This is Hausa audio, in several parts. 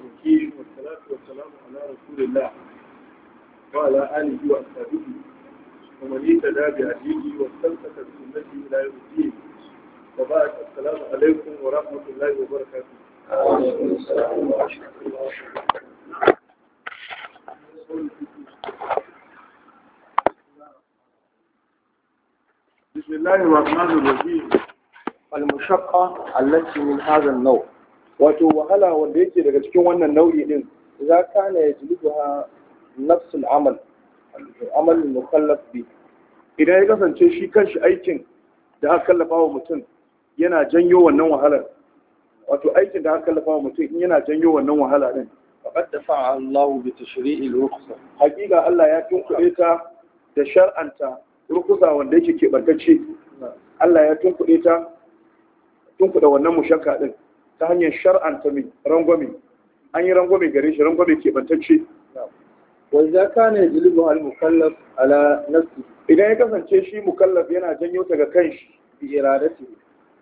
الوكيل والصلاة والسلام على رسول الله وعلى آله وأصحابه ومن اهتدى بهديه واستمسك بسنته إلى يوم الدين وبارك السلام عليكم ورحمة الله وبركاته. وعليكم السلام ورحمة الله وبركاته. بسم الله الرحمن الرحيم المشقة التي من هذا النوع wato wahala wanda yake daga cikin wannan nau'i din za ka na ya jilibuha nafsul amal amal mukallaf bi idan ya kasance shi kanshi aikin da aka kallafa wa mutum yana janyo wannan wahalar wato aikin da aka kallafa wa mutum yana janyo wannan wahala din faqad dafa'a Allahu bi tashri'il rukhsa hakika Allah ya tunkuɗe ta da shar'anta rukhsa wanda yake barkace Allah ya tunkuɗe ta tunkuɗe wannan mushakka din ta hanyar shar'anta mai rangwame an yi rangwame gare shi rangwame keɓantacce wa idza kana yajlibu al mukallaf ala nafsi idan ya kasance shi mukallaf yana janyo daga kanshi bi iradati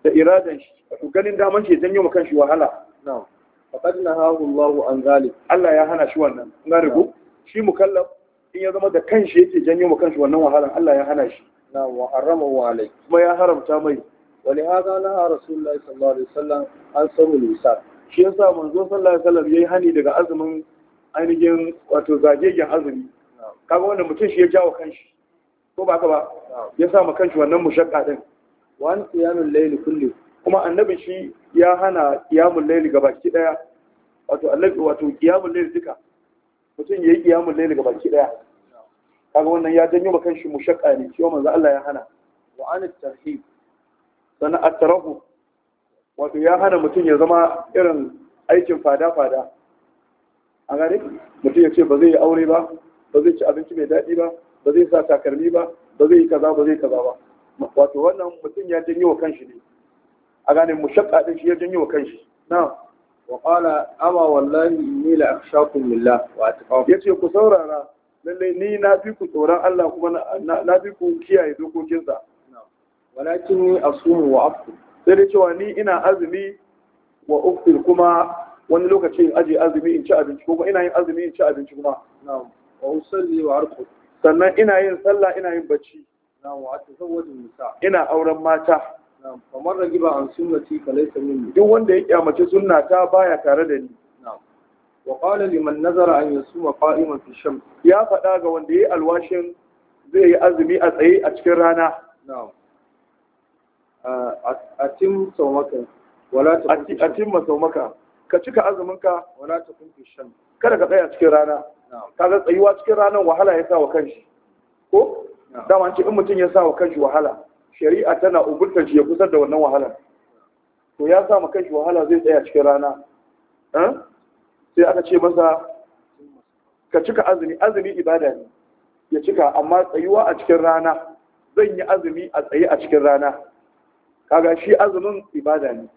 da iradan shi to ganin daman shi janyo ma kanshi wahala na'am faqad nahahu Allah an zalik Allah ya hana shi wannan kun ga rigo shi mukallaf in ya zama da kanshi yake janyo ma kanshi wannan wahalan Allah ya hana shi na'am wa harrama wa kuma ya haramta mai ولهذا نهى رسول الله صلى الله عليه وسلم عن صوم شي يسا منزو صلى الله عليه وسلم yayi hani daga azumin ainihin wato zagegen azumi kaga wanda mutum shi ya jawo kanshi ko ba ka ba ya sa ma kanshi wannan mushakka din wa an qiyamul layl kulli kuma annabi shi ya hana qiyamul layl gabaki daya wato annabi wato qiyamul layl duka mutum yayi qiyamul layl gabaki daya kaga wannan ya janyo ma kanshi mushakka ne shi manzo Allah ya hana wa an tarhib sannan attarahu wato ya hana mutum ya zama irin aikin fada-fada a gane mutum ya ce ba zai yi aure ba ba zai ci abinci mai daɗi ba ba zai sa takalmi ba ba zai yi kaza ba zai kaza ba wato wannan mutum ya janyi wa kanshi ne a gane mushakka din shi ya janyi wa kanshi na wa qala ama wallahi inni la akhshakum lillah wa atqakum yace ku saurara lallai ni na fi ku tsoron Allah kuma na fi ku kiyaye dokokinsa walakin ni asumu wa aftir sai dai cewa ni ina azumi wa uftir kuma wani lokaci in aje azumi in ci abinci kuma ina yin azumi in ci abinci kuma na'am wa usalli wa arqu sannan ina yin sallah ina yin bacci na'am wa atazawwaju nisa ina auren mata na'am kamar ragiba an sunnati kalaita min duk wanda ya kyamace sunna ta baya tare da ni na'am wa qala liman nazara an yasuma qa'iman fi shams ya faɗa ga wanda yayi alwashin zai yi azumi a tsaye a cikin rana na'am a cin saumaka wala ta a saumaka ka cika azuminka wala ta kunfi shan kada ka tsaya cikin rana ga tsayuwa cikin ranar wahala ya sa wa kanshi ko dama ce in mutum ya sa wa kanshi wahala shari'a tana ubunta shi ya kusar da wannan wahalar to ya sa ma kanshi wahala zai tsaya cikin rana eh? sai aka ce masa ka cika azumi azumi ibada ne ya cika amma tsayuwa a cikin rana zan yi azumi a tsaye a cikin rana kaga shi azumin ibada ne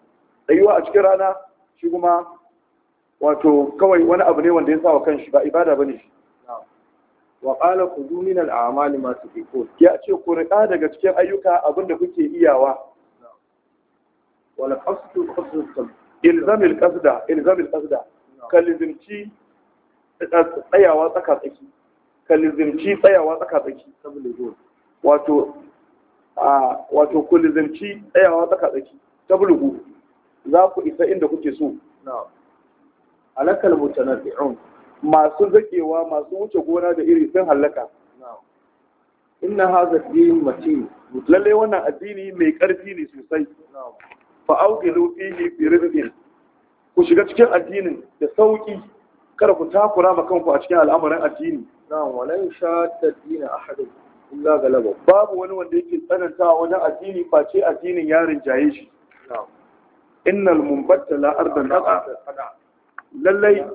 tsayuwa a cikin rana shi kuma wato kawai wani abu ne wanda ya sa wa kanshi ba ibada bane shi wa qala khudhu min al-a'mali ma tuqiqun ya ce ku riƙa daga cikin ayyuka abinda kuke iyawa Wani qasdu qasdu ilzam al-qasda ilzam al-qasda kalizimci tsayawa tsaka tsaki kalizimci tsayawa tsaka tsaki wato a wato ku tsayawa tsaka tsaki ta bulugu za ku isa inda kuke so alakal mutanabi'un masu zakewa masu wuce gona da iri sun halaka inna hadha din mati lalle wannan addini mai karfi ne sosai fa auqilu fihi bi rizqin ku shiga cikin addinin da sauki kada ku takura ma kanku a cikin al'amuran addini na'am walan shadda tadina ahadin illa galaba babu wani wanda yake tsanantawa wajen addini face addinin yarin jaye shi innal mumbattala ardan aqa lallai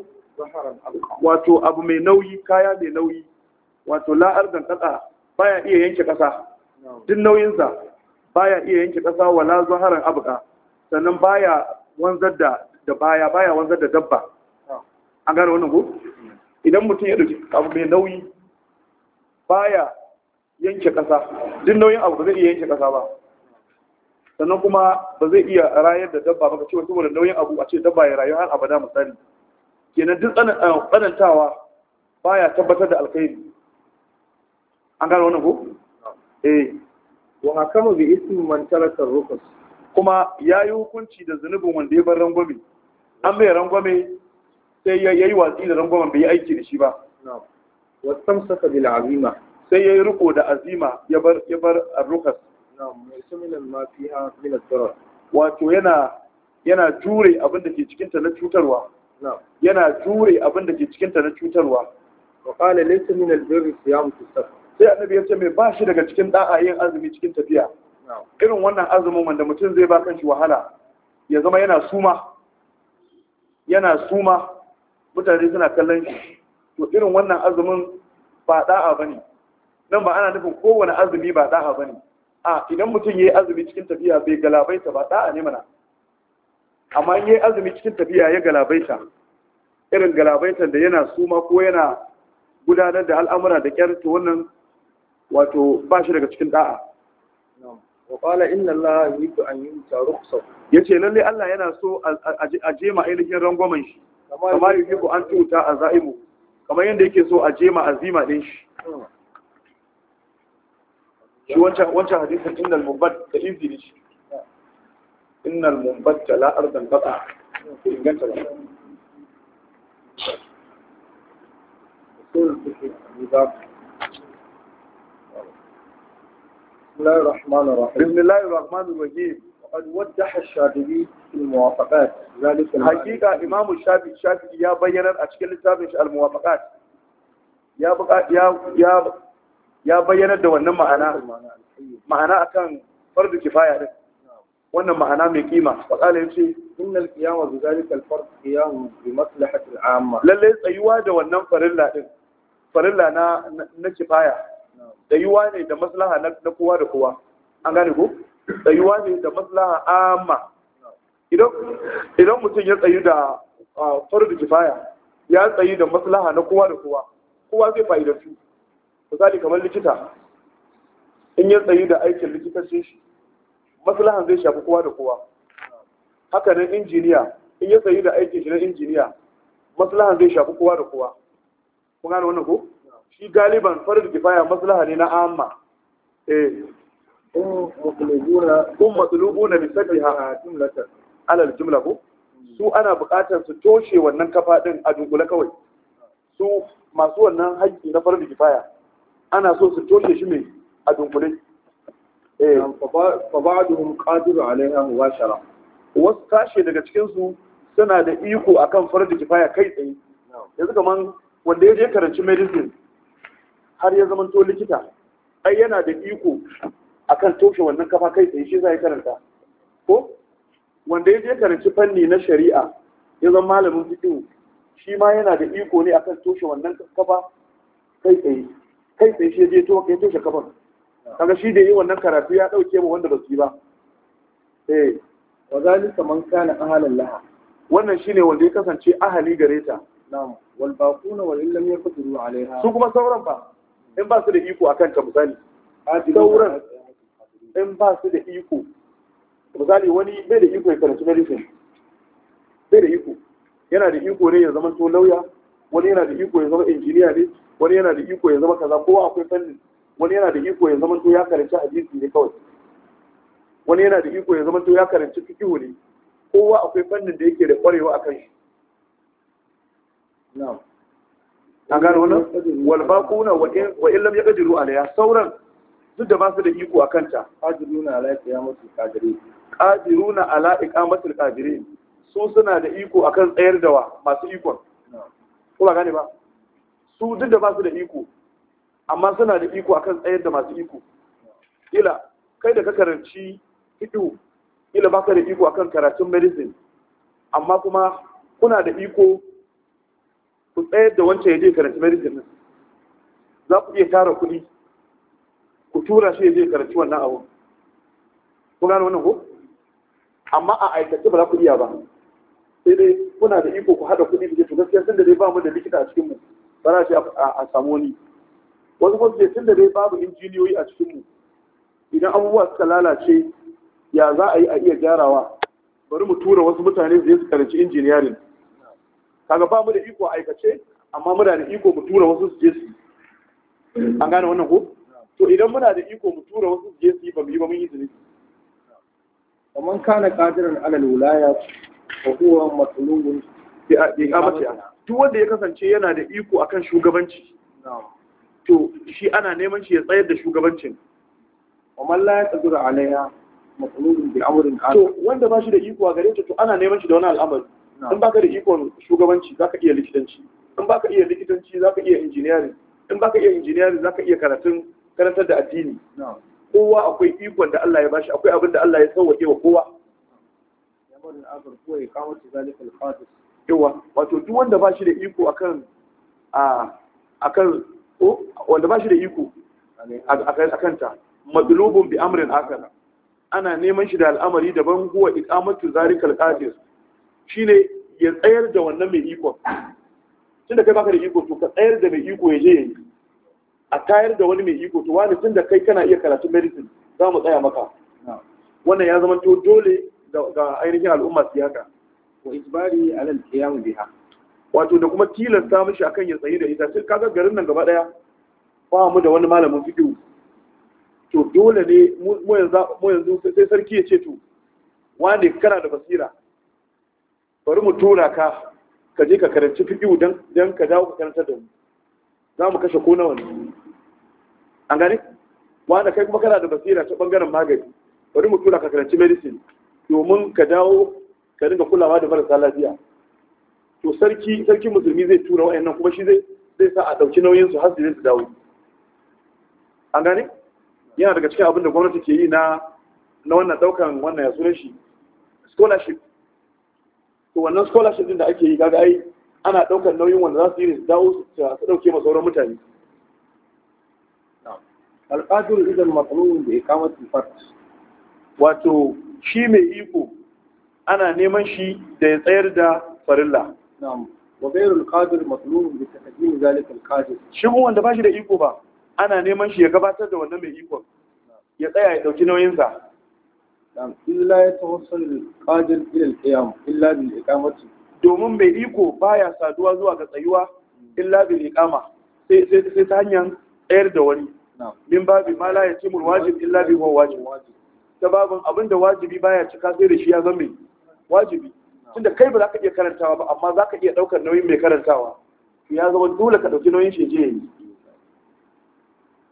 wato abu mai nauyi kaya mai nauyi wato la ardan aqa baya iya yanke kasa din nauyin sa baya iya yanke kasa wala zaharan abqa sannan baya wanzar da da baya baya wanzar da dabba an gane wannan ko mm. idan mutum ya dauki abu mai nauyi baya yanke ƙasa duk nauyin abu ba zai iya yanke ƙasa ba sannan kuma ba zai iya rayar da dabba ba cewa saboda nauyin abu a ce dabba ya rayu har abada misali kenan duk eh, tsanantawa baya tabbatar da alkhairi an gano wannan ko eh wa hakama bi ismi man taraka rukus kuma yayi hukunci da zunubin wanda ya bar rangwame an bai rangwame sai ya yi watsi da rangwamen bai yi aiki da shi ba wa tamsaka bil azima sai ya yi riko da azima ya bar ya arrukas wato yana yana jure abinda da ke cikinta na cutarwa yana jure abinda ke cikinta na cutarwa wa qala laysa min albirri siyam sai annabi ya ce mai ba shi daga cikin da'a yin azumi cikin tafiya irin wannan azumin wanda mutum zai ba kanshi wahala ya zama yana suma yana suma mutane suna kallon shi to irin wannan azumin ba da'a bane nan ba ana nufin kowane azumi ba da'a ne. a idan mutum ya yi azumi cikin tafiya bai galabaita ba da'a ne mana amma in yi azumi cikin tafiya ya galabaita irin galabaitan da yana suma ko yana gudanar da al'amura da ƙyar ta wannan wato ba shi daga cikin da'a wa inna Allah yi yuhibbu an kusa Ya ce lalle Allah yana so a jema ainihin rangwamen shi kamar ku an tuta za'imu kamar yadda yake so a jema azima din shi شو wancan wancan hadisin ان المنبت da izini shi innal mubad la بسم الله الرحمن الرحيم بسم الله الرحمن الرحيم وقد وضح الشافعي في الموافقات ذلك الحقيقة إمام الشافعي الشافعي يا بينا أشكال الشافعي الموافقات يا بقى يا يا ya bayyanar da wannan ma'ana ma'ana akan fardu kifaya din wannan ma'ana mai kima wa ce, yace innal qiyama bi zalika al fard qiyam bi maslahati al amma lalle tsayuwa da wannan farilla din farilla na na kifaya tsayuwa ne da maslaha na kowa da kowa an gane ko tsayuwa ne da maslaha amma idan idan mutum ya tsayu da fardu kifaya ya tsayi da maslaha na kowa da kowa kowa zai fa'idantu misali kamar likita in ya tsayi da aikin likitancin shi maslahan zai shafi kowa da kowa haka nan injiniya in ya tsayi da aikin shi na injiniya maslahan zai shafi kowa da kowa kun gane wannan ko shi galiban farin kifaya maslaha ne na amma eh kun na misali ha alal jumla ko su ana bukatar su toshe wannan kafa din a dunkule kawai su masu wannan haƙƙi na farin kifaya ana so su toshe shi mai a dunkule eh fa ba'duhum qadiru 'alayha mubashara wasu tashi daga cikinsu suna da iko akan da kifaya kai tsaye yanzu kaman wanda ya je karanci medicine har ya zama to likita ai yana da iko akan toshe wannan kafa kai tsaye shi zai karanta ko wanda ya je karanci fanni na shari'a ya zama malamin fiqh shi ma yana da iko ne akan toshe wannan kafa kai tsaye kai sai shi je to kai toshe kafan kaga shi da yi wannan karatu ya dauke mu wanda ba su yi ba eh wa zalika man kana ahalan laha wannan shine wanda ya kasance ahali gare ta na'am wal baquna wal illam yaqdiru alaiha su kuma sauran ba in ba su da iko akan ta misali sauran in ba su da iko misali wani bai da iko ya karanci medicine bai da iko yana da iko ne ya zama to lauya wani yana da iko ya zama injiniya ne wani yana da iko ya zama kaza kowa akwai fannin wani yana da iko ya zama to ya karanci hadisi ne kawai wani yana da iko ya zama to ya karanci fiqh ne kowa akwai fannin da yake da kwarewa akan shi na'am an gano wannan wal baquna wa in illam yaqdiru alayha sauran duk da ba su da iko akan ta qadiruna ala iqamatil qadiri qadiruna ala iqamatil qadiri su suna da iko akan tsayar da wa masu ikon ko ba gane ba su duk da ba su da iko amma suna da iko akan tsayar da masu iko ila kai da ka karanci fiqh ila ka da iko akan karatun medicine amma kuma kuna da iko ku tsayar da wancan ya je karanci medicine za ku iya tara kuɗi ku tura shi ya je karanci wannan abu ku gane wannan ko amma a aikace ba za ku iya ba sai dai kuna da iko ku haɗa kuɗi da ke gaskiya sun da dai ba mu da likita a cikin mu ba na a samu wani wasu kuma ce tunda dai babu injiniyoyi a cikinmu idan abubuwa suka lalace ya za a yi a iya gyarawa bari mu tura wasu mutane zai su karanci injiniyarin kaga ba mu da iko aikace amma muna da iko mu tura wasu su je su an gane wannan ko to idan muna da iko mu tura wasu su je su ba mu yi ba mun yi zunubi alal كان ko على الولاية فهو مطلوب بإقامتها duk wanda ya kasance yana da iko akan shugabanci to shi ana neman shi ya tsayar da shugabancin amma la yaqdiru alaiha matsalolin bi amrin to wanda ba shi da iko a gare ta to ana neman shi da wani al'amari in baka da ikon shugabanci zaka iya likitanci in baka iya likitanci zaka iya engineering in baka iya engineering zaka iya karatun karantar da addini kowa akwai ikon da Allah ya bashi akwai abin da Allah ya sauwake wa kowa ya marin kowa ya kawo zalika al-qadis yawa wato duk wanda ba shi da iko akan akan ko wanda ba shi da iko akan ta madlubun bi amrin akar ana neman shi da al'amari daban huwa iqamatu zalikal qadir shine ya tsayar da wannan mai iko tunda kai baka da iko to ka tsayar da mai iko ya je yayi a tayar da wani mai iko to wani tunda kai kana iya karatun medicine za mu tsaya maka wannan ya zama to dole ga ainihin al'umma su haka wa isbari ala al-qiyam biha wato da kuma tilasta mishi akan ya tsaye da ita sai kaga garin nan gaba daya ba mu da wani malamin fiqh to dole ne mu yanzu sai sarki ya ce to wani kana da basira bari mu tura ka ka je ka karanci fiqh dan dan ka dawo ka karanta da mu za mu kashe ko nawa ne an gane wani kai kuma kana da basira ta bangaren magani bari mu tura ka karanci medicine domin ka dawo ka dinga kulawa da marasa lafiya to sarki sarki musulmi zai tura wayannan kuma shi zai zai sa a dauki nauyin su har su su dawo an gane yana daga cikin abin da gwamnati ke yi na na wannan daukan wannan ya sunan shi scholarship to wannan scholarship din da ake yi kaga ai ana daukan nauyin wanda za su yi su dawo su dauke ma sauran mutane al'adun idan matsalolin da ya kama tifar wato shi mai iko ana neman shi da ya tsayar da farilla Shi wanda ba shi da iko ba ana neman shi ya gabatar da wannan mai ikon ya tsaya ya dauki nauyinsa. domin mai iko baya saduwa zuwa ga tsayuwa illa bin ikama sai sai ta hanyar tsayar da wani min babi ma la ce mulwajin illa bi wajin. wajib ta babin abinda wajibi baya cika sai da shi ya zama wajibi tunda kai ba za ka iya karantawa ba amma za ka iya ɗaukar nauyin mai karantawa ya zama dole ka ɗauki nauyin shi je yi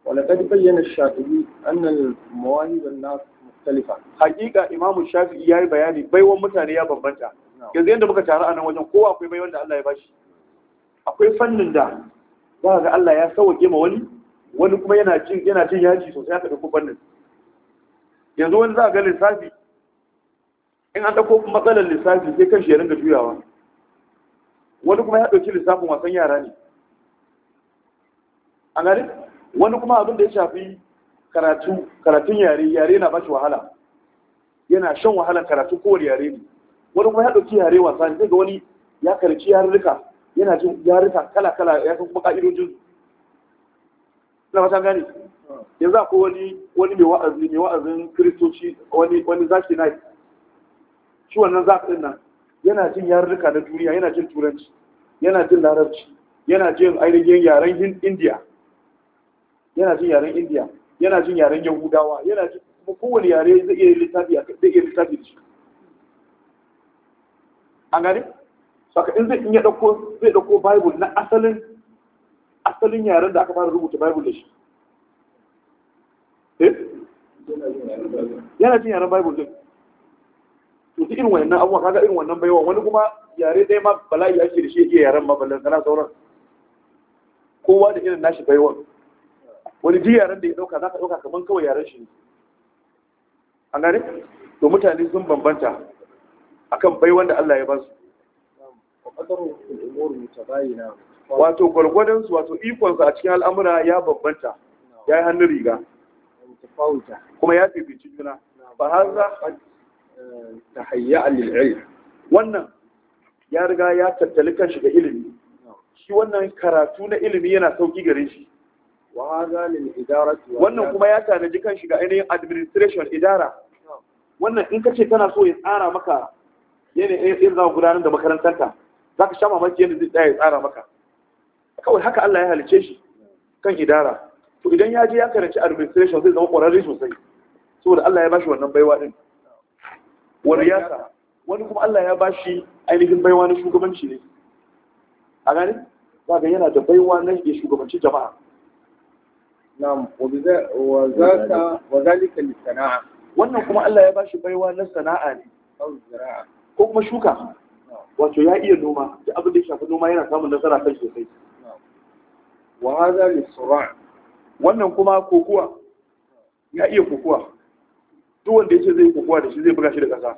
ولقد بين الشافعي أن المواهب الناس مختلفة حقيقة Shafi'i الشافعي ياي bayani, baiwan mutane ya bambanta. yanzu yadda muka taru a nan wajen kowa akwai bai wanda Allah ya bashi akwai fannin da za ga Allah ya sauke ma wani wani kuma yana cin yana cin yaji sosai aka dauko fannin yanzu wani za ga lissafi in an ɗauko matsalar lissafi sai kan shi ya juyawa wani kuma ya ɗauki lissafin wasan yara ne a gari wani kuma abin da ya shafi karatun yare yare na bashi wahala yana shan wahalar karatu kowane yare ne wani kuma ya ɗauki yare wasa ne ga wani ya karci yarurruka yana jin yarurruka kala-kala ya san kuma ƙa'idojin na fata gani hmm. yanzu akwai wani wani mai wa'azi mai wa'azin kiristoci wani wani zaki night shi wannan zaf nan yana jin yarurruka na duniya yana jin turanci yana jin larabci yana jin ainihin yaren indiya yana jin yaren indiya yana jin yaren yahudawa yana jin kuma kowane yare zai iya littafi kan iya littafi da shi an gani? saka in zai iya dauko zai dauko bible na asalin asalin yaren da aka fara rubuta bible da shi eh yana jin yaren bible to duk irin wannan abuwa kaga irin wannan baiwa wani kuma yare dai ma bala'i ake da shi iya yaren ma ballan sana sauran kowa da irin nashi baiwa wani ji yaren da ya dauka zaka dauka kaman kawai yaren shi ne an gane to mutane sun bambanta akan bai da Allah ya ba su wato gwargwadon su wato ikon su a cikin al'amura ya bambanta ya yi hannun riga kuma ya fifici juna ba har za tahayya lil wannan ya riga ya tattali kanshi da ilimi shi wannan karatu na ilimi yana sauki gare shi wannan kuma ya tanaji kanshi ga ainihin administration idara wannan in ka ce kana so ya tsara maka yanayin irin za gudanar da makarantarta, za ka sha mamaki yadda zai tsaya ya tsara maka kawai haka Allah ya halice shi kan idara to idan ya je ya karanci administration zai zama ƙwararre sosai saboda Allah ya bashi wannan baiwa din wa wani kuma Allah ya bashi ainihin baiwa na shugabanci ne a gani za ga yana da baiwa na ya shugabanci jama'a na'am wa zaka wa zalika li sana'a wannan kuma Allah ya bashi baiwa na sana'a ne ko kuma shuka wato ya iya noma da abin da ya shafi noma yana samun nasara kai sosai wa hadha li wannan kuma kokuwa ya iya kokuwa duk wanda yace zai kokowa da shi zai buga shi da ƙasa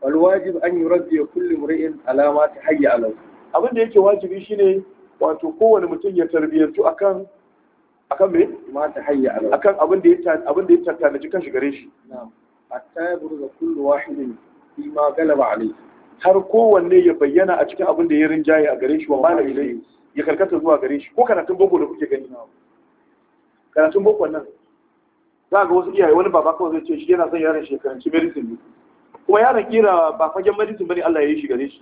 wal wajib an yuraddi kulli mur'in alama ta hayya alau abin da yake wajibi shine wato kowane mutum ya tarbiyyantu akan akan me ma ta hayya alau akan abin da ya abin da ya shi gare shi na'am hatta yabruza kullu wahidin ma galaba alayhi har kowanne ya bayyana a cikin abin da ya rinjaye a gare shi wa mala ilai ya karkata zuwa gare shi ko karatun boko da kuke gani karatun boko nan za ga wasu iyaye wani baba kawai zai ce shi yana son yaron shekaranci medicine ne kuma yaron kira ba fagen medicine bane Allah ya yi shi gare shi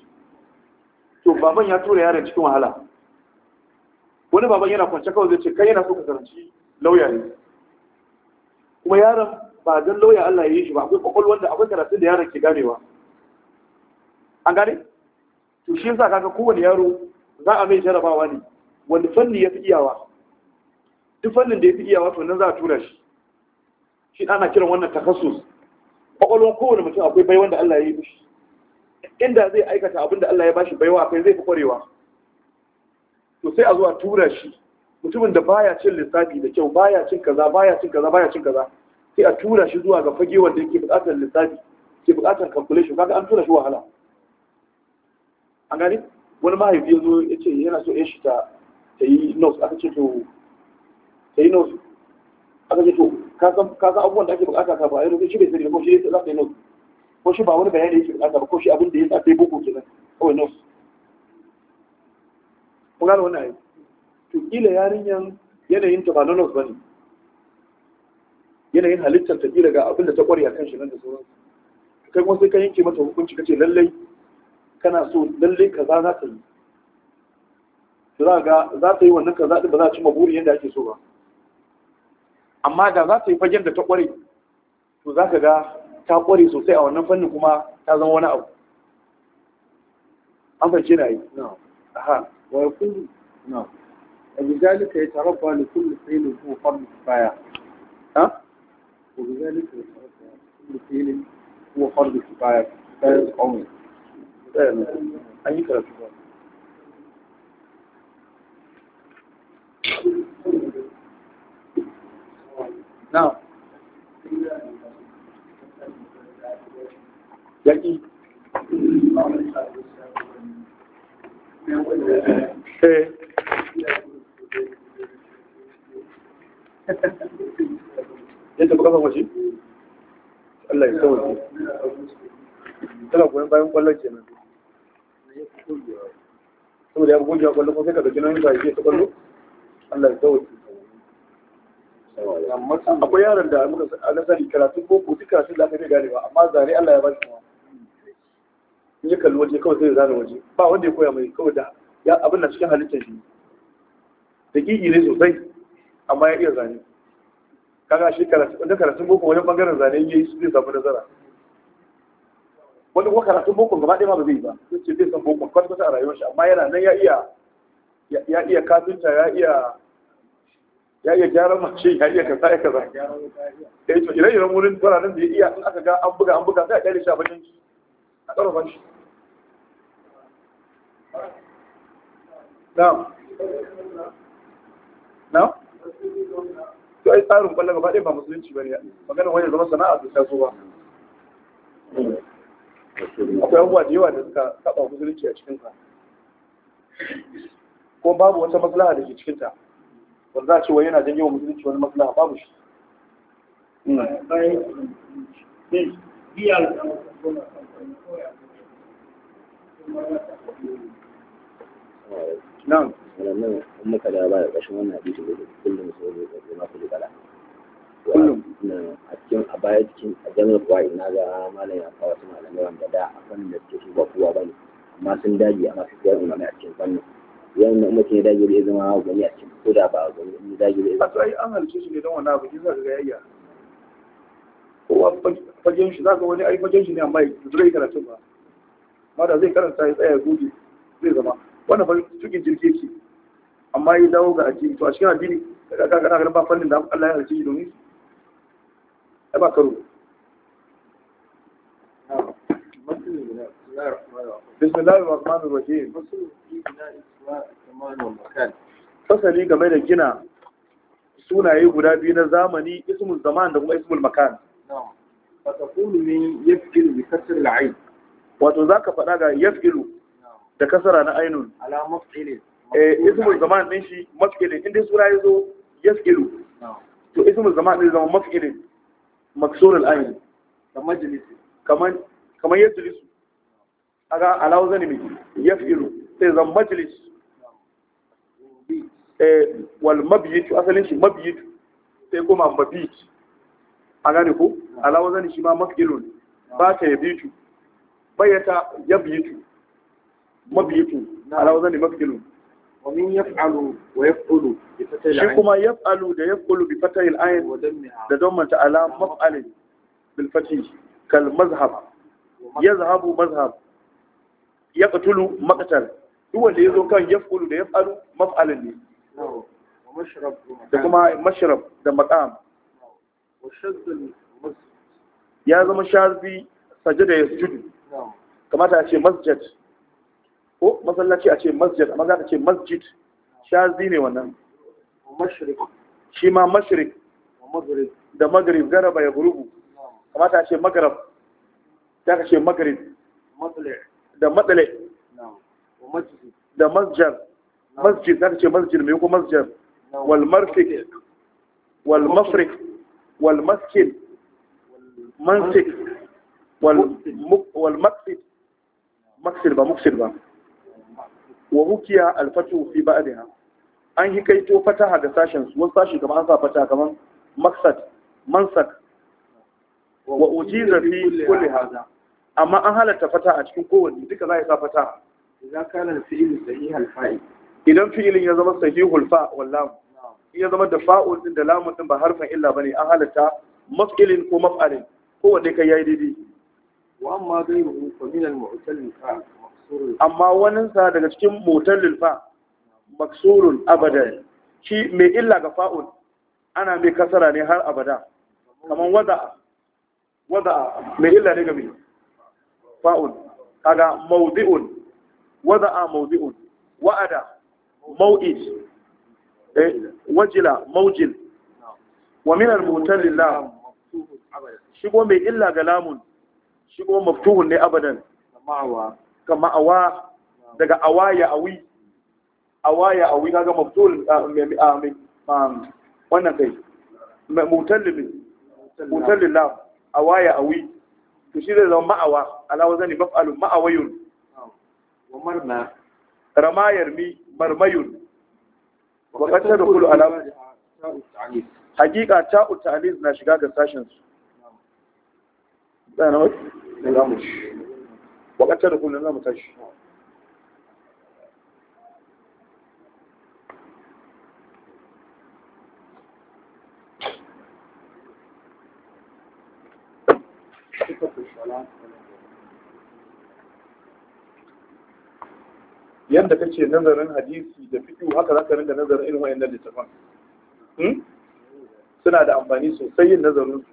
to baban ya tura yaron cikin wahala wani baban yana kwance kawai zai ce kai yana so ka karanci lauya ne kuma yaron ba don lauya Allah ya yi shi ba akwai kokol da akwai karatun da yaron ke ganewa an gane to shi yasa kaga kowane yaro za a mai jarabawa ne wani fanni ya fi iyawa duk fannin da ya fi iyawa to nan za a tura shi shi ana kiran wannan takasus. kwakwalwar kowane mutum akwai baiwan da Allah ya yi mishi inda zai aikata abin da Allah ya bashi baiwa kai zai fi kwarewa to sai a zuwa tura shi mutumin da baya cin lissafi da kyau baya cin kaza baya cin kaza baya cin kaza sai a tura shi zuwa ga fage wanda yake buƙatar lissafi ke buƙatar calculation kaga an tura shi wahala an gani wani mahaifi ya zo ya ce yana so ya shi ta yi nurse aka ce to ta yi nurse aka ce to ka san abubuwan da ake bukata ka ba a yaro shi bai sani ko shi za ka yi nos? ko shi ba wani bayani yake bukata ba ko shi abin da ya sa sai boko kenan kawai nos. kun gane wannan ayi to kila yarinyan yanayin ta ba na ba ne. yanayin halittar ta kila ga abin da ta kware a kan shi nan da sauransu kai kuma sai ka yanke mata hukunci ce lallai kana so lallai kaza za ta yi za ga za ta yi wannan kaza din ba za a cimma burin yadda ake so ba amma da za ta yi fagen da ta ƙware to za ka ga ta ƙware sosai a wannan fannin kuma ta zama wani abu an fashe na yi aha wa ya kuli na a bizalika ya tarabba da kullum sai da kuma farin baya ha yi bizalika ya tarabba da kullum sai da kuma farin kifaya bayan ne, eh, an yi karatu ba na yaƙi eh yadda kuka kafa shi Allah ya sauke tana koyon bayan kwallon kenan saboda ya fi ya ko sai ka dauki yin ba ya ta kwallo Allah ya sauke akwai yaron da muka a nazari karatun boko duk karatun da aka bai gane ba amma zane Allah ya bashi shi in ya kalli waje kawai sai ya zana waje ba wanda ya koya mai kawai da ya abin na cikin halittar shi da gigi ne sosai amma ya iya zane kaga shi karatu wanda karatun boko wajen bangaren zane yayi su zai samu nazara wani kuma karatun boko gaba ɗaya ma ba zai ba zai ce zai san boko kwata kwata a rayuwar shi amma yana nan ya iya ya iya kafinta ya iya ya iya gyaran mace ya iya kaza ya kaza eh to ire-iren wurin guraren da ya iya in aka ga an buga an buga sai a kyale shi a bakin shi a tsarafan shi na'am na'am to ai tsarin kwallon gaba ɗaya ba musulunci ba ne magana wani zama sana'a ta zo ba akwai abubuwa da yawa da suka saba musulunci a cikinsa ko babu wata maslaha da ke cikinta ba za a ce wai yana wa musulunci wani a babu shi hmm. ba a cikin a baya cikin a jami'ar na ga malam ya kawo su malamai wanda da a fannin da suke su ba kowa amma sun daji a su koyar a cikin fannin wannan mutum ne dage bai zama gani a cikin koda ba a gani ne dage bai zama. Sai an halice shi ne don wannan abu za ka ga yayya. Kowa fagen shi za ka wani ai fagen shi ne amma ya zura yi karatun ba. Ma da zai karanta ya tsaya gobe zai zama. Wannan fagen cikin jirgin yake amma ya dawo ga addini to a cikin addini ka ga kana ba fannin da Allah ya halice shi domin ai ba karo. بسم الله الرحمن الرحيم. fasali game da gina sunaye guda biyu na zamani ismul zaman da kuma ismul makan fatakulu min yafkilu bi kasr al-ayn wato zaka faɗa ga yafkilu da kasara na ainun ala maf'il eh ismul zaman din shi maf'il inda sura yazo yafkilu to ismul zaman din zama maf'il maksur al-ayn da majlis kamar kamar yajlisu aga alawzani mi yafkilu sai zama majlis Eh, wal mabiyitu asalin shi mabiyitu sai kuma mabit a gane ko alawar zane shi ma mafilun ba ta yabitu bayyata tu mabiyitu alawar zane mafilun ومن يفعل ويفعل بفتح العين شكما يفعل ده بفتح العين ده دوما تعالى مفعل بالفتح كالمذهب يذهب مذهب يقتل مقتل هو اللي يزو كان يفعل ده مفعل da kuma mashrab da maqam ya zama shazi sajada ya sujudu kamata a ce masjid ko masallaci a ce masjid amma za ta ce masjid shazi ne wannan shi ma mashrik da magrib garaba ya gurubu kamata a ce magrib ta ka ce magrib da matsale da masjar masjid za ka ce masjid mai ko masjid wal marfik wal mafrik wal maskin mansik wal maksid maksid ba muksid ba wa hukiya alfatu fi ba'daha an yi kaito fataha ga sashen su wasu sashi kamar an sa fataha kamar maksad mansak wa ujiza fi kulle haza. amma an halatta fataha a cikin kowanne duka za a yi sa fataha idan kana fi'il sahih al fa'il idan fi'ilin ya zama sahihul fa wallahu ya zama da fa'ul din da lamun din ba harfin illa bane an halatta maf'ilin ko maf'alin ko wanda kai yayi daidai wa amma ghayruhu fa min al mu'tal fa amma wannan sa daga cikin mu'tal fa maksurun abadan shi mai illa ga fa'ul ana mai kasara ne har abada kaman wada wada mai illa ne ga mai fa'ul kaga mawdi'un wada mawdi'un wa'ada mau'id wajila maujil wa min al-mutan shigo mai illa ga lamun shigo maftuhun ne abadan kama awa daga awaya awi awaya awi kaga maftuhun wannan kai mutan lillah awaya awi to shi zama ma'awa alawa zani maf'alun ma'awayun wa marna ramayar mi marmayun wa da kullu ala hakika ta ta'liz na shiga ga sashin su da na wata da kulu wa qatar kullu na mutashi yadda ce nazarin hadisi da fito haka ka rinka nazarin irin wayannan littafan hmm? suna da amfani sosai yin nazarin su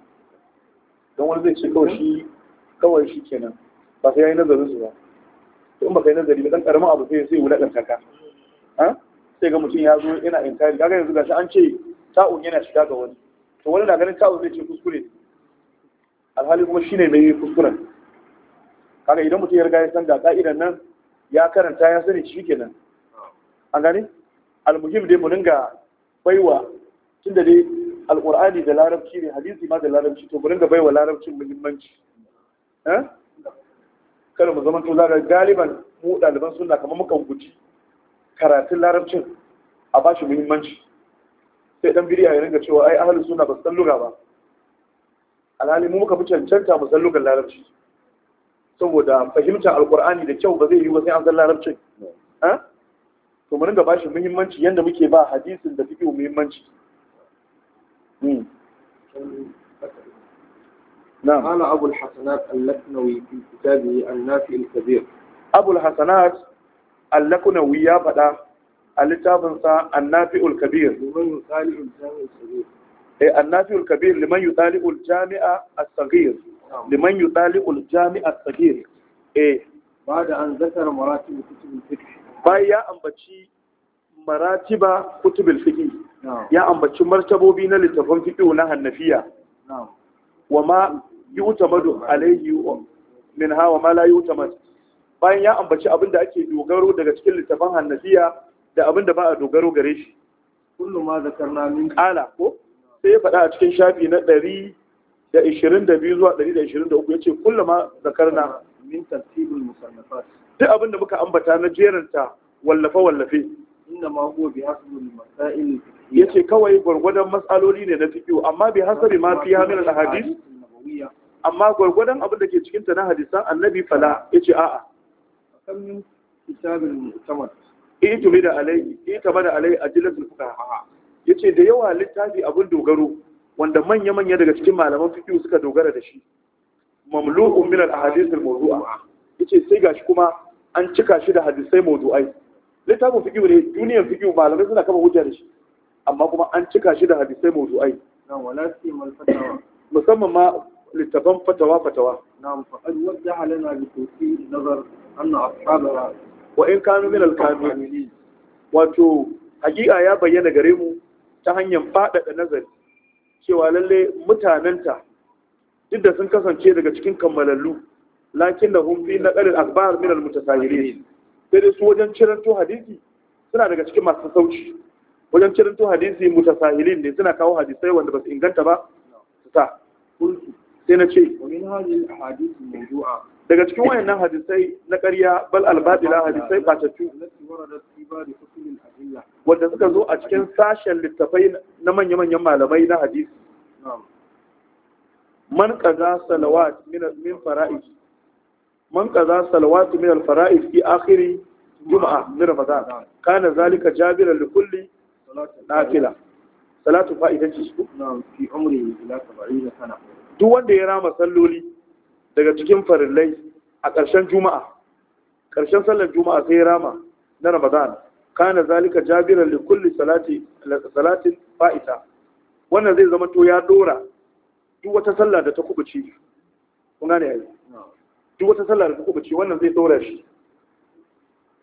don wani zai ce kawai shi kawai shi kenan ba sai yayi nazarin su ba to in baka yi nazari ba ɗan karamin abu sai sai wulakanta ka sai ga mutum ya zo yana inkari kaga yanzu gashi an ce ta'un yana shiga ga wani to wani na ganin ta'un zai ce kuskure alhali kuma shine mai kuskuren kaga idan mutum ya riga ya san ga ka'idan nan ya karanta ya sani shi kenan an gane almuhim dai mu dinga baiwa tunda dai alqur'ani da larabci ne hadisi ma da larabci to mu dinga baiwa larabcin muhimmanci eh kar mu zama to zaga galiban mu daliban sunna kamar mukan guji karatun larabcin a ba shi muhimmanci sai dan bidiya ya ringa cewa ai ahlus sunna ba su san ba alhali mu muka fi cancanta mu san lugar larabci saboda fahimtar alkur'ani da kyau ba zai yi wasu an san larabcin to mu ringa ba muhimmanci yadda muke ba hadisin da fiƙi muhimmanci نعم قال أبو الحسنات اللكنوي في كتابه النافع الكبير أبو الحسنات eh annafiul kabir liman yutaliqu al-jami'a as-saghir liman yutaliqu al-jami'a as-saghir eh bada an zakara maratib kutub al-fiqh bai ya ambaci maratiba kutub al-fiqh ya ambaci martabobi na littafan fiqh na hanafiya wa ma yutamadu alayhi min hawa ma la yutamad bayan ya ambaci abin da ake dogaro daga cikin littafan hanafiya da abin da ba a dogaro gare shi kullu ma zakarna min ala ko sai ya faɗa a cikin shafi na ɗari da ishirin da biyu zuwa ɗari da ishirin da uku ya ce kullama zakarna min tartibul musannafat duk abin muka ambata na jeranta wallafe wallafe inna ma huwa bi hasbil masail yace kawai gwargwadon matsaloli ne na fiqh amma bi hasabi ma fi hamil al hadith amma gwargwadon abin da ke cikin ta na hadisan annabi fala yace a'a kan min kitabul mu'tamad ita bada alai ita bada alai ajlatul fuqaha Ya ce da yawa littafi abin dogaro wanda manya-manya daga cikin malaman fiqh suka dogara da shi mamlu'un minar a ahadith mazu'a ya ce sai gashi kuma an cika shi da hadisai mazu'ai littafin fiqh ne duniyar fiqh malamai suna kama hujja da shi amma kuma an cika shi da hadisai mazu'ai na wala musamman ma littafan fatawa fatawa na'am faqad wajjaha lana bi tawfiq nazar anna ashabara wa in kanu min al wato hakika ya bayyana gare mu ta hanyar faɗaɗa nazari cewa lalle mutanenta duk da sun kasance daga cikin kammalallu lakin da hun fi na ƙarin minar minal mutasahiri sai dai su wajen ciranto hadisi suna daga cikin masu sauci wajen ciranto hadisi mutasahilin ne suna kawo hadisai wanda ba su inganta ba su sa kultu sai na ce daga cikin wayannan hadisai na ƙarya bal albatila hadisai batattu wanda suka zo a cikin sashen littafai na manya-manyan malamai na hadisi man kaza salawat min al-Fara'is man kaza salawat min al-fara'id fi akhiri juma'a min ramadan kana zalika jabiran li kulli nafila salatu fa'idanci su fi umri ila 70 sana duk wanda ya rama salloli daga cikin farillai a ƙarshen juma'a ƙarshen sallar juma'a sai ya rama na ramadan kana zalika jabiran li kulli salati salatin fa'ita wannan zai zama to ya dora duk wata sallah da ta kubuci kun gane yayi duk wata sallah da ta kubuci wannan zai dora shi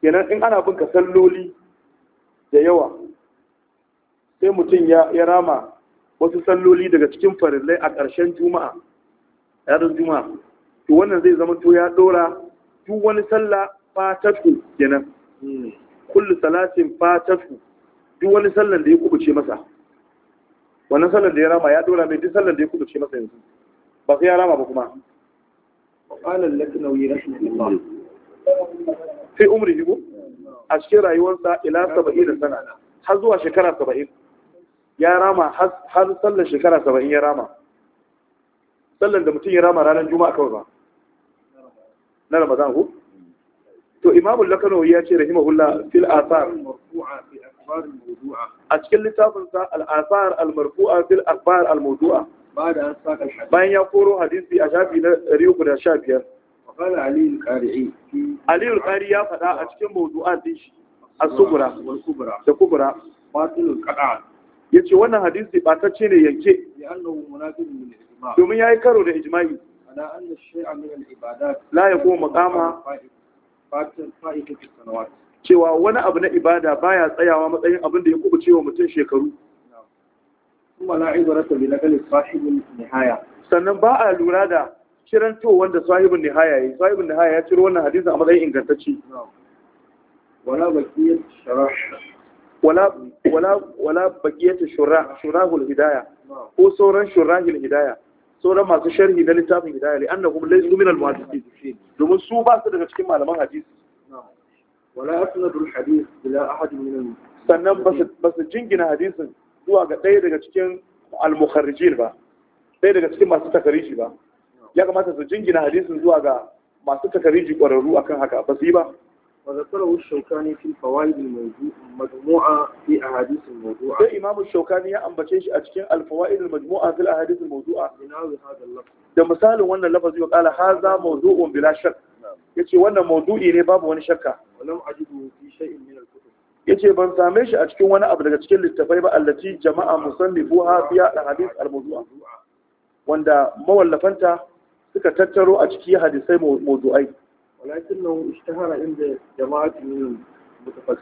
kenan in ana bin ka salloli da yawa sai mutum ya rama wasu salloli daga cikin farillai a ƙarshen juma'a yaron juma'a to wannan zai zama to ya dora duk wani sallah fatatu kenan hmm. kullu salatin fatatu duk wani sallan da ya kubuce masa wannan sallan da ya rama ya dora mai duk sallan da ya kubuce masa yanzu ba sai ya rama ba kuma qala al-laknawi rahimahullah fi umrihi a cikin rayuwarsa ila 70 sana har zuwa shekara 70 ya rama har sallar shekara saba'in ya rama sallar da mutum ya rama ranar juma'a kawai ba na ramadan ku to imamul lakano ya ce rahimahullah fil asar a cikin littafinsa, sa al asar al marfu'a fil akhbar al mawdu'a bayan ya koro hadisi a shafi na 315 وقال sha biyar. Aliyu Kari ya faɗa a cikin mawdu'an din shi as-sughra kubra da kubra batil al ya ce wannan hadisi batacce ne yanke domin ya yi karo da ijimai la ya kuma makama cewa wani abu na ibada baya tsayawa matsayin abin da ya kuma cewa mutum shekaru sannan ba a lura da to wanda sahibin nihaya ya yi sahibin nihaya ya ciro wannan hadisi a matsayin ingantacci wala bakiyar shara'a wala wala wala baqiyatu shura shurahul hidaya ko sauran shurahul hidaya sauran masu sharhi na littafin hidaya li annahum laysu min al-muhaddisin domin su ba su daga cikin malaman hadisi wala asnadul hadith ila ahad min sannan ba su jingina hadisin zuwa ga ɗaya daga cikin al-mukharrijin ba ɗaya daga cikin masu takariji ba ya kamata su jingina hadisin zuwa ga masu takariji ƙwararru akan haka ba su yi ba وذكره الشوكاني في الفوائد المجموعة في أحاديث الموضوعة. ده إمام الشوكاني يا أم بتشيش أشكين الفوائد المجموعة في الأحاديث الموضوعة. من هذا اللفظ. ده مثال وأن اللفظ يقال هذا موضوع بلا شك. yace wannan maudu'i ne babu wani shakka walam ajidu fi shay'in min al-kutub yace ban same shi a cikin wani abu daga cikin littafai ba allati jama'a musannifuha fi al-hadith al-mawdu'a wanda mawallafanta suka tattaro a cikin hadisai mawdu'ai walakinnahu ishtahara inda jama'atin min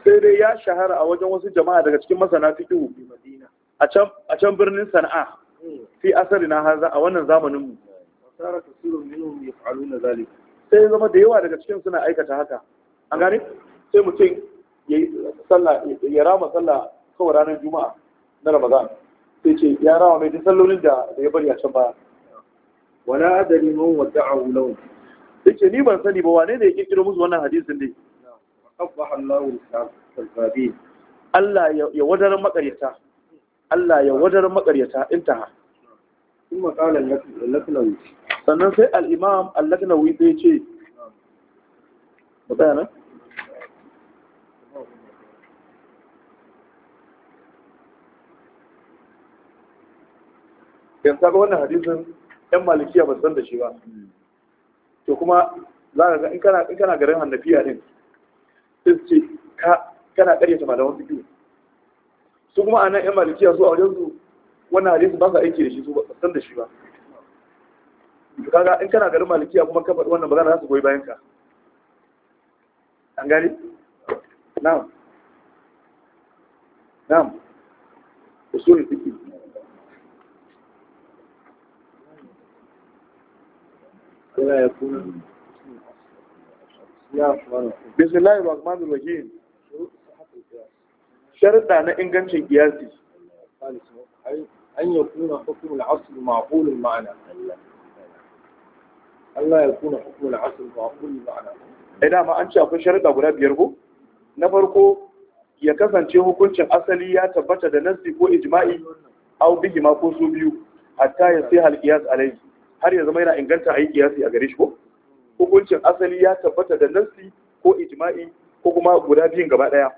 sai dai ya shahara a wajen wasu jama'a daga cikin masana a can birnin Sana'a fi asari na haza a wannan zamanin mu wasara kasirun sai zama da yawa daga cikin suna aikata haka an gane sai mutum ya rama sallah kawai ranar juma'a na ramadan sai ce ya rama mai sallolin da ya bari a can baya wala adari man wada'ahu lahu yace ni ban sani ba wane ne ya kirkiro musu wannan hadisin ne Allah ya wadar makaryata Allah ya wadar makaryata intaha kuma qala al-laknawi sannan sai al-imam al-laknawi sai ce mutana yanzu ga wannan hadisin yan malikiya ba san da shi ba to kuma za ka ga in kana in kana garin hannafiya din sai su ce ka kana ƙaryata malaman fiqh su kuma anan yan malikiya su a wajen su wannan hadisi ba sa aiki da shi su ba san da shi ba to kaga in kana garin malikiya kuma ka faɗi wannan magana za su goyi bayan ka an gani na'am na'am usulul fiqh ولا يكون na ingancin kiyasi an yakuna hukm al-asl ma'qul al-ma'na Allah yakuna hukm al-asl ma'qul mana idan ma an ce akwai sharuɗa guda biyar ko na farko ya kasance hukuncin asali ya tabbata da nassi ko ijma'i aw ma ko su biyu hatta ya sai hal qiyas alayhi har ya zama yana inganta a yi kiyasi a gare shi ko hukuncin asali ya tabbata da nassi ko ijma'i ko kuma guda biyun gaba daya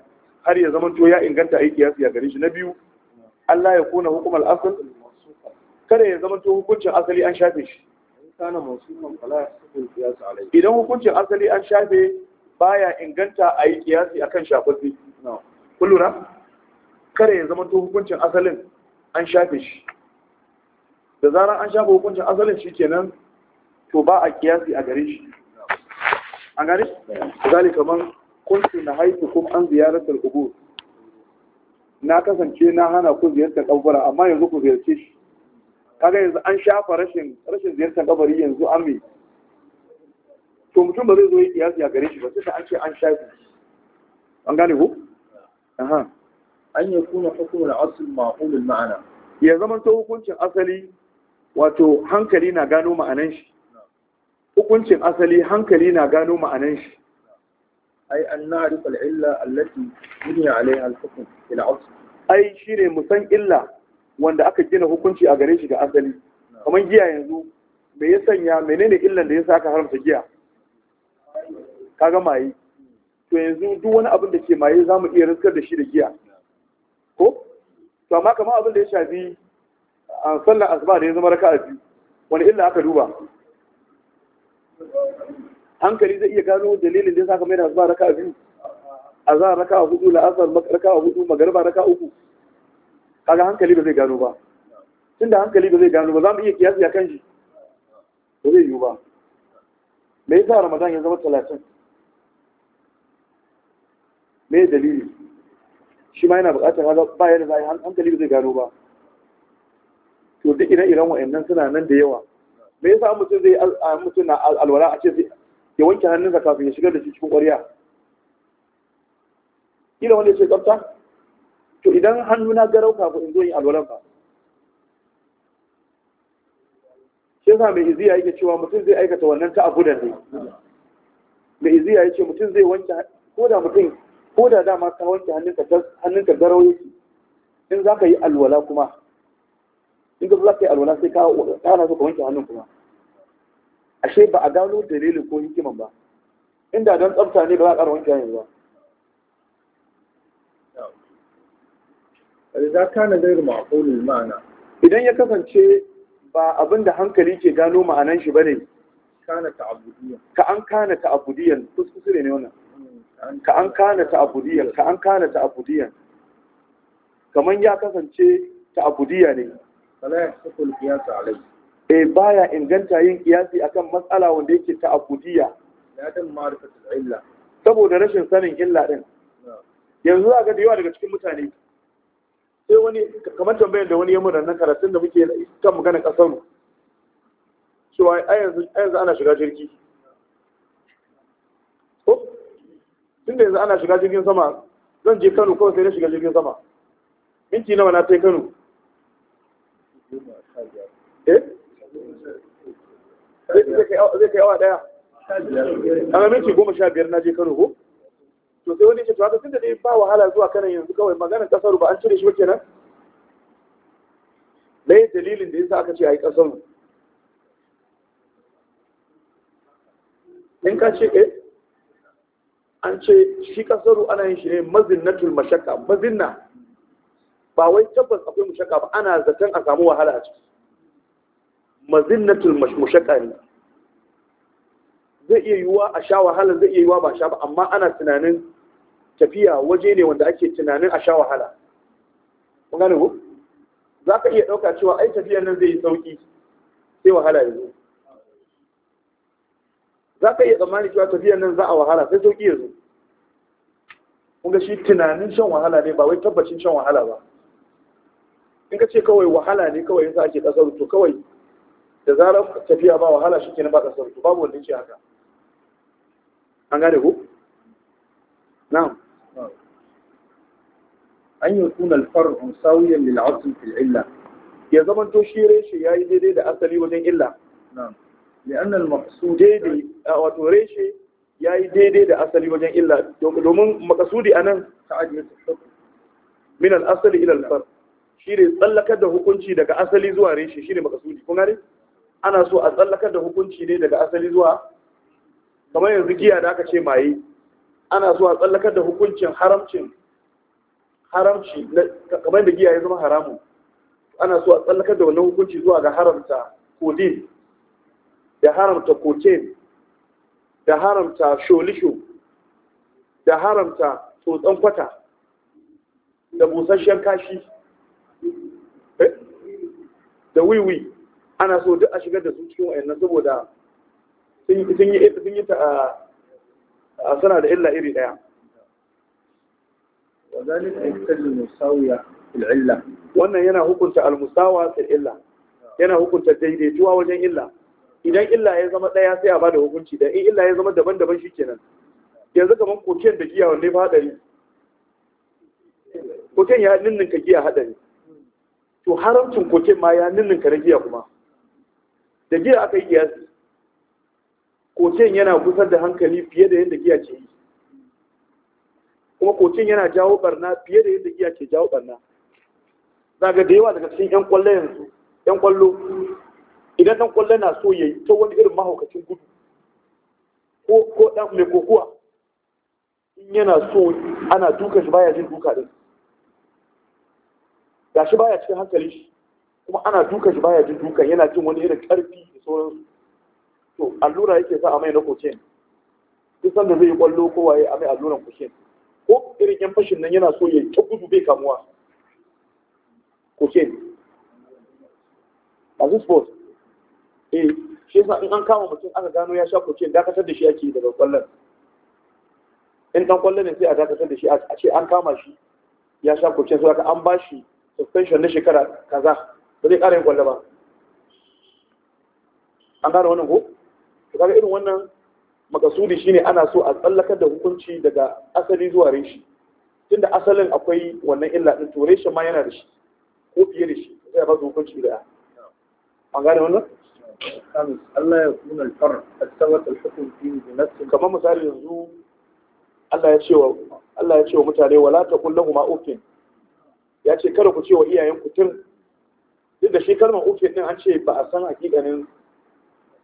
har ya zama to ya inganta a yi kiyasi a gare shi na biyu Allah ya kona hukumar asali kada ya zama to hukuncin asali an shafe shi idan hukuncin asali an shafe baya inganta a yi kiyasi a kan shafafi kullura kada ya zama to hukuncin asalin an shafe shi da zarar an shafa hukuncin asalin shi kenan to ba a kiyasi a gare shi gare shi Zali kamar kuntu na haifu kuma an ziyarar kubur na kasance na hana ku ziyartar kabura amma yanzu ku ziyarce shi kaga yanzu an shafa rashin rashin ziyartar kabari yanzu an mai to mutum ba zai zo yi kiyasi a gare shi ba sai an ce an shafi an gane ku aha an yakuna hukmul asl ma'qulul ma'ana ya zama hukuncin asali wato hankali na gano ma'anan shi hukuncin asali hankali na gano ma'anan shi ai an na al-illa allati buniya alaiha al-hukm ila asl ai shine mu san illa wanda aka gina hukunci a gare shi ga asali kamar giya yanzu me ya sanya menene illan da ya saka haramta giya kaga maye to yanzu duk wani abin da ke maye za mu iya riskar da shi da giya ko to amma kamar abin da ya shafi a sallar asuba da ya zama raka'a biyu wani illa aka duba hankali zai iya gano dalilin da ya saka mai da asuba raka'a biyu a azhar raka'a hudu la'asar raka'a hudu magariba raka'a uku kaga hankali ba zai gano ba tunda hankali ba zai gano ba za mu iya kiyasi a kan shi ba zai yiwu ba me yasa ramadan ya zama talatin me dalili shi ma yana buƙatar ba yana za a hankali ba zai gano ba to duk ire-iren wa'annan suna nan da yawa me yasa mutum zai mutum na alwala a ce ya wanke hannunsa kafin ya shigar da shi cikin ƙwarya kila wanda ce tsafta to idan hannu na garau kafin in zo yin alwalan ba shi yasa mai iziya yake cewa mutum zai aikata wannan ta abu da ne mai iziya ya ce mutum zai wanke ko da mutum ko da dama ka wanke hannunka hannunka garau yake in za ka yi alwala kuma in ka za ka yi alwala sai ka kana so ka wanke hannun kuma ashe ba a gano dalilin ko hikiman ba inda don tsafta ne ba za a ƙara wanke hannun ba إذا كان a معقول ma'ana? Idan ya kasance ba abin da hankali ke gano ma'anan shi ba ne ka an kana abudiyan kuskure ne wannan ka an kana abudiyan ka an kana abudiyan kamar ya kasance ta'abudiya ne fala yasqul qiyas alai eh baya inganta yin kiyasi akan matsala wanda yake ta akudiyya ladan ma'rifatul saboda rashin sanin illa din yanzu za ga da yawa daga cikin mutane sai wani kamar tambayar da wani ya mun nan karatun da muke kan magana kasaru cewa a yanzu ana shiga jirgi tun da yanzu ana shiga jirgin sama zan je kano kawai sai na shiga jirgin sama minti nawa na kai kano Eh? zai kai awa daya an sha biyar na je kano ko to sai wani ce to haka tunda dai ba wahala zuwa kanan yanzu kawai maganar kasar ba an cire shi ba kenan dai dalilin da yasa aka ce a yi kasar in ka ce eh an ce shi kasaru ana yin shi ne mazinnatul mashaka, mazinna ba wai tabbas akwai mushaka ba ana zaton a samu wahala a ciki mazinnatul mushaka ne zai iya yiwa a sha wahala zai iya yiwa ba sha ba amma ana tunanin tafiya waje ne wanda ake tunanin a sha wahala kun gane ku za ka iya ɗauka cewa ai tafiyan nan zai yi sauƙi sai wahala ya zo za ka iya tsammani cewa tafiyan nan za a wahala sai sauƙi ya zo kun ga shi tunanin shan wahala ne ba wai tabbacin shan wahala ba in ka ce kawai wahala ne kawai yasa ake kasar to kawai da zarar tafiya ba wahala shi kenan ba kasar to babu wanda ce haka an gane ku na'am an yi kuna alfar musawiyan lil asl fil illa ya zama to shi reshe yi daidai da asali wajen illa na'am لأن المقصود daidai wato reshe yayi daidai da asali wajen illa domin makasudi anan ta'adiyatu min al-asli ila al-farq shine tsallakar da hukunci daga asali zuwa reshe shine makasudi kun gane ana so a tsallakar da hukunci ne daga asali zuwa kamar yanzu giya da aka ce maye ana so a tsallakar da hukuncin haramcin haramci kamar da giya ya zama haramu ana so a tsallakar da wannan hukunci zuwa ga haramta kodin da haramta cocaine da haramta sholisho da haramta tsotson kwata da busasshen kashi da wiwi ana so duk a shigar da su cikin wayannan saboda sun yi sun yi ta a sana da illa iri daya wannan yana hukunta almusawa musawa fil illa yana hukunta daidaituwa wajen illa idan illa ya zama daya sai a bada hukunci da in illa ya zama daban-daban shikenan yanzu kamar koken da giya wanne ba haɗari? koken ya ninninka giya hadari to haramcin koke ma ya ninninka na giya kuma da giya aka yi kiyasi koken yana gusar da hankali fiye da yadda giya ce yi kuma koken yana jawo barna fiye da yadda giya ke jawo barna daga da yawa daga cikin yan kwallo yanzu yan kwallo idan dan kwallo na so ya yi ta wani irin mahaukacin gudu ko ko dan mai kokuwa in yana so ana duka shi baya jin duka din gashi baya cikin hankali, shi kuma ana duka shi baya jin dukan yana jin wani irin karfi da sauransu to allura yake sa a mai na cocaine duk sanda zai yi kwallo ko waye a mai alluran cocaine ko irin yan fashin nan yana so ya ta gudu bai kamuwa cocaine masu sport eh shi yasa in an kama mutum aka gano ya sha cocaine dakatar da shi ake daga kwallon in dan kwallon ne sai a dakatar da shi a ce an kama shi ya sha cocaine so an ba shi suspension na shekara kaza ba zai ƙara yin kwallo ba an gane wannan ko to kaga irin wannan makasudi shine ana so a tsallakar da hukunci daga asali zuwa reshi tunda asalin akwai wannan illa din to reshin ma yana da shi ko fiye da shi sai ba su hukunci da an gane wannan Allah ya kuna alfar asawat alhukum fi nafsi kamar misali yanzu Allah ya ce wa Allah ya ce wa mutane wala taqul lahum ma ya ce kada ku ce wa iyayen ku tun duk da shi kalmar ufin din an ce ba a san hakikanin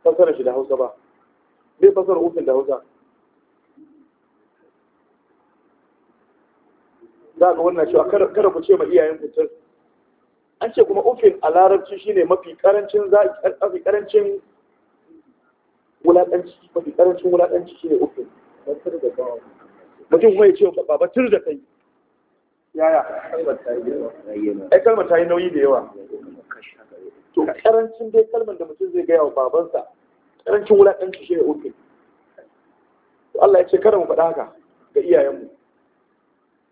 fasarar shi da hausa ba bai fasarar ufin da hausa za ga wannan cewa kada ku ce ma iyayen ku tun an ce kuma ufin a larabci shine mafi karancin mafi karancin wulaƙanci mafi karancin wulaƙanci shine ufin mutum kuma ya ce ba tur da kai yaya ai kalmar ta yi nauyi da yawa to karancin dai kalmar da mutum zai gaya wa babansa karancin wulaƙanci shi ne ofe Allah ya ce kada mu faɗa haka ga iyayenmu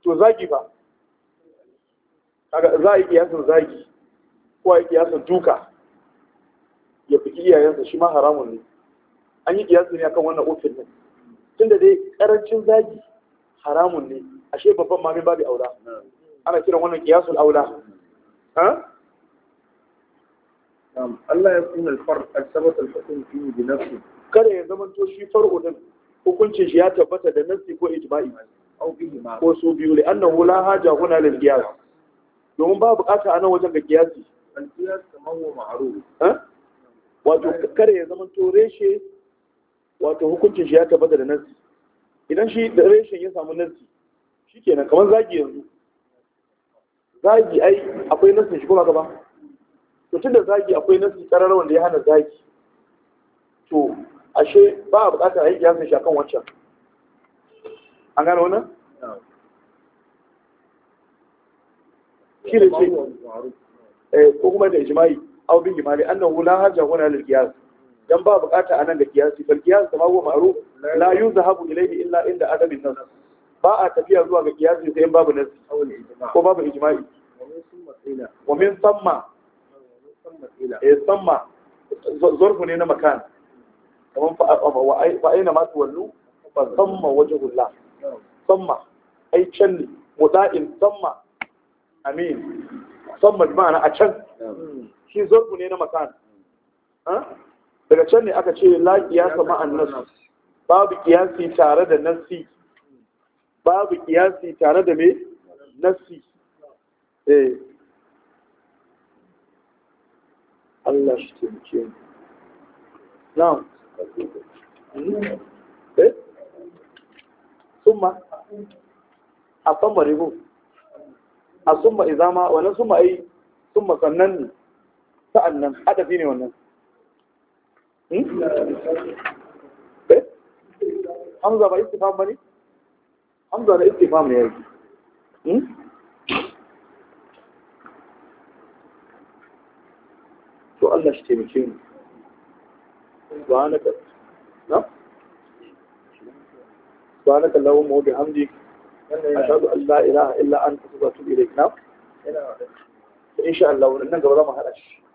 to zagi ba za a yi kiyasin zagi ko a yi kiyasin duka ya fi iyayensa shi ma haramun ne an yi kiyasi ne akan wannan ofin nan tunda dai karancin zagi haramun ne ashe babban mamin min babu aura. ana kiran wannan kiyasul aula ha Allah ya kuna alfar al-sabat al-hukm fi bi nafsi kada ya zaman to shi far'u din hukuncin shi ya tabbata da nafsi ko ijma'i au bihi ma ko su biyu li'annahu la haja huna lil qiyas domin ba bukata a nan wajen ga qiyasi al-qiyas kaman huwa ma'ruf ha wato kada ya zaman to reshe wato hukuncin shi ya tabbata da nafsi idan shi da reshen ya samu nassi shi kenan kamar zagi yanzu zagi ai akwai nassin shi kuma gaba to tun da zagi akwai nassi karar wanda ya hana zagi to ashe ba a bukatar aiki ya shi akan wancan an gano wannan shi da ce eh, ko kuma da ijimai au bin Annan annahu la hajja wala lil qiyas dan ba bukata anan da kiyasi bal kiyasi kama huwa ma'ruf la yuzhabu ilayhi illa inda adamin nas ba a tafiya zuwa ga kiyasi sai in babu nas ko babu ijma'i wa min thamma eh thamma zarfu ne na makan kaman fa aina ma tuwallu fa thamma llah thamma ai can ne muda'in thamma amin thamma bi ma'ana a can shi zarfu ne na makan daga can ne aka ce la qiyasa ma'an nasu babu ƙiyasi tare da nasi. babu ƙiyasi tare da me nasi. eh Allah shi taimake na'am eh summa a summa ribu a summa izama Wani summa ai summa sannan ne nan, adafi ne wannan eh hamza ba istifham bane hamza da istifham ne yake to Allah shi taimake mu subhanaka na subhanaka allahumma wa bihamdik ashhadu an la ilaha illa anta astaghfiruka wa atubu ilayk na in sha Allah wannan gaba za mu hada shi